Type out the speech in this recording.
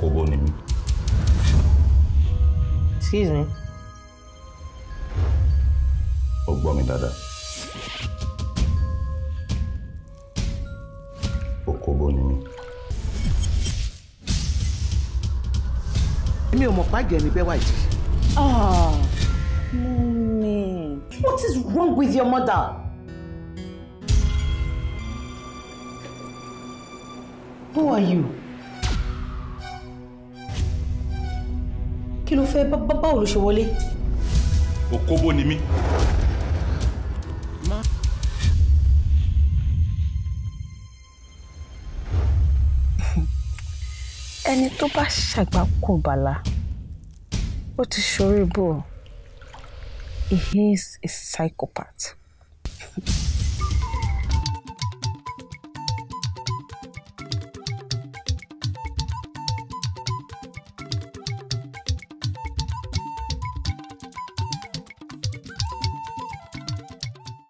kóbó ni mí. excuse me. ó gbọ́ mi dáadáa. òkóbó ni mí. èmi ò mọ̀ pàjẹ́ mi bẹ́ẹ̀ wá yìí. ah mummy what is wrong with your mother. Who are you? kí ló fẹ́ báwo ló ṣe wọlé. òkóbó ni mí. ẹni tó bá ṣàgbákò bàlá ó ti ṣorí bò he is a psychopath.